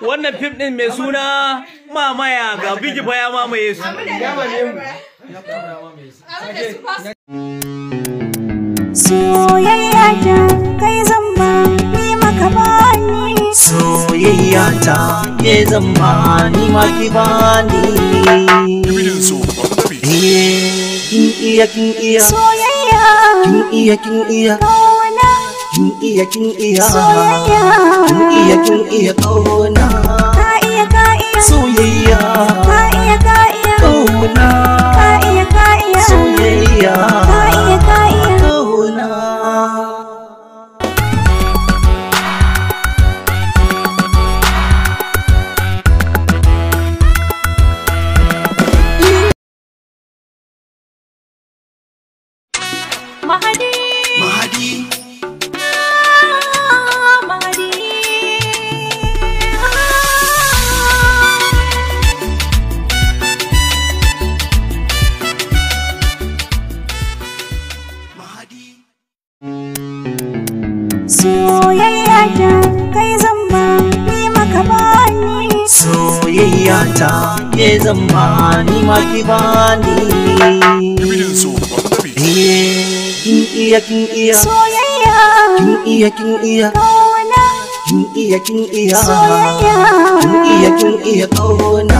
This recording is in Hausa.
wannan fim ɗin mai suna mamaya ga bigiba baya mamaye su soyayya ta kai zamba ni maka bani soyayya ta ke zamba ni maki bani kin iya kin iya soyayya kin iya kin iya kin iya kin iya kin iya kin iya kauna Ah, mahadi mahadi Soyayya ta kai zamba ni maka bani Soyayya ta ke zamba ni maki bani iya kin iya soyayya kin iya kin iya kauna kin iya kin iya soyayya kin iya kin iya kauna